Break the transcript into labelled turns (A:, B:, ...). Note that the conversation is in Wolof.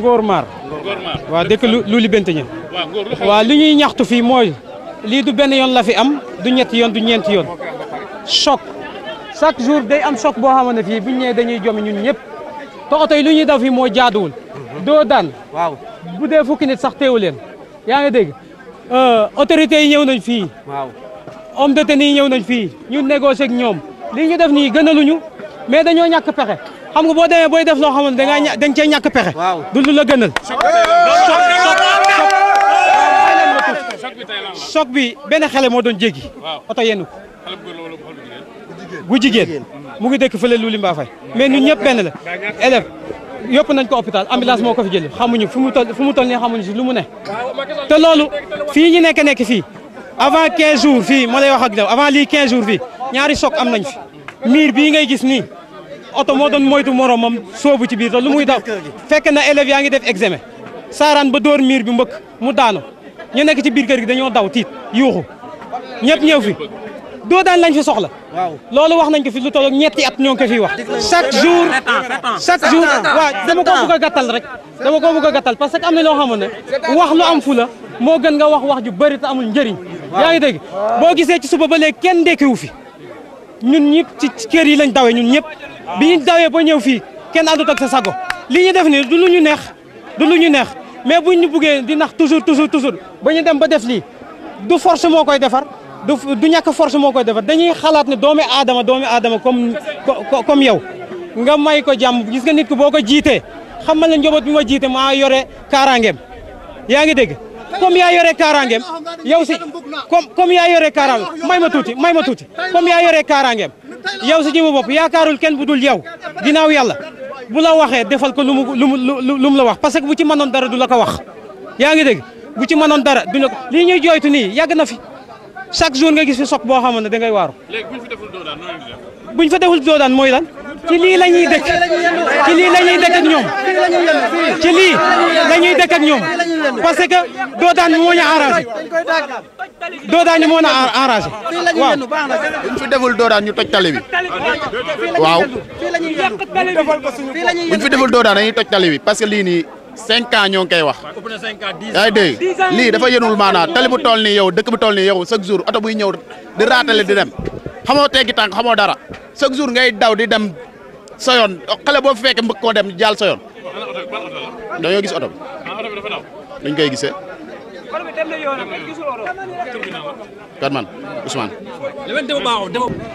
A: Ngor Maar. waaw dëkk Loulibintigny wa li ñuy ñaxtu fi mooy li du ben yon la fi am du ñetti yon du ñeenti yon choc chaque jour day am choc bo xamane fi bu ñu dañuy jom ñun ñëpp te oto yi lu ñuy daw fii mooy jaaduwul doo daan waaw bu dee fukki nit sax teewu ya nga ngi euh autorité yi ñëw nañ fi waaw homme de tenue yi ñëw nañ fi ñu négocier ak ñom li ñu def nii gënaluñu mais dañoo ñak pexé xam nga boo demee booy def loo xamante da nga da nga ñàkk pexe. du lu la gënal. choc bi benn xale moo doon jéggi. oto yenn ko. bu jigéen mu ngi dëkk fële Luuli Mbaa Fay mais ñun ñëpp benn la élève yóbbu nañ ko hôpital ambulance moo ko fi jël xamuñu fu mu toll fu mu toll nii xamuñu si lu mu ne te loolu fii ñu nekk nekk fi avant quinze jours fii ma lay wax ak yow avant lii 15 jour fii ñaari choc am nañ fi miir bii ngay gis nii oto moo doon moytu moromam soobu ci biir te lu muy daw fekk na élèves yaa ngi def examen saaraan ba dóor miir bi mbëkk mu daanu ñu nekk ci biir kër gi dañoo daw tiit yuuxu ñëpp ñëw fi doo daan lañ fi soxla loolu wax nañ ko fi lu tolloog ñetti at ñoo ngi ko fiy wax chaque jour chaque jour waaw dama ko bëgg a gàttal rek dama ko bëgg a gàttal parce que am na loo xam ne wax lu am fu la moo gën nga wax wax ju bari te amul njëriñ yaa ngi dégg boo gisee ci suba ba léegi kenn ndekkiwu fi ñun ñëpp ci kër yi lañ dawee ñun ñëpp bi ñu dawee ba ñëw fii kenn àndut ak sa sago li ñu def nii du lu ñu neex du lu ñu neex mais buñ ñu buggee di nax toujours toujours toujours ba ñu dem ba def lii du force moo koy defar du du ñàkk force moo koy defar dañuy xalaat ne doomi aadama doomi aadama comme comme yow nga may ko jàmm gis nga nit ko boo ko jiitee xamal ne njoboot bi ma jiite maa yore kaaraangeem yaa ngi dégg comme yaa yore kaaraangeem yow si comme comme yaa yore kaaraange may ma tuuti may ma tuuti comme yaa yore kaaraangeem yow si jëmu bopp yaakaarul kenn bu dul yow dinaaw yàlla bu la waxee defal ko lu mu lu mu lu mu la wax parce que bu ci mënoon dara du la ko wax. yaa ngi dégg bu ci manoon dara du la ko lii ñuy jooytu nii yàgg na fi chaque jour nga gis fi soq boo xamoon ne da ngay waaru. léegi bu ñu fa deful doodaan noonu la def. bu ñu fa deful doodaan mooy lan. ci lii la ñuy dëkk ci lii ñoom ci lii la ñuy dëkk ak ñoom parce que doodaan moo ñu arrangé doodaan ñu moo na arrangé. waaw buñ fi deful doodaan ñu toj tali bi. waaw buñ fi deful doodaan dañuy toj tali bi parce que lii nii cinq ans ñoo ngi koy wax. yaa ngi lii dafa yenul maanaam tali bu toll nii yow dëkk bu toll nii yow chaque jour oto buy ñëw di raatale di dem xamoo teggi tànk xamoo dara chaque jour ngay daw di dem sa yoon xale boo fekkee mbëkk koo dem jàll sa yoon dañoo gis oto bi dañ koy kan man Ousmane.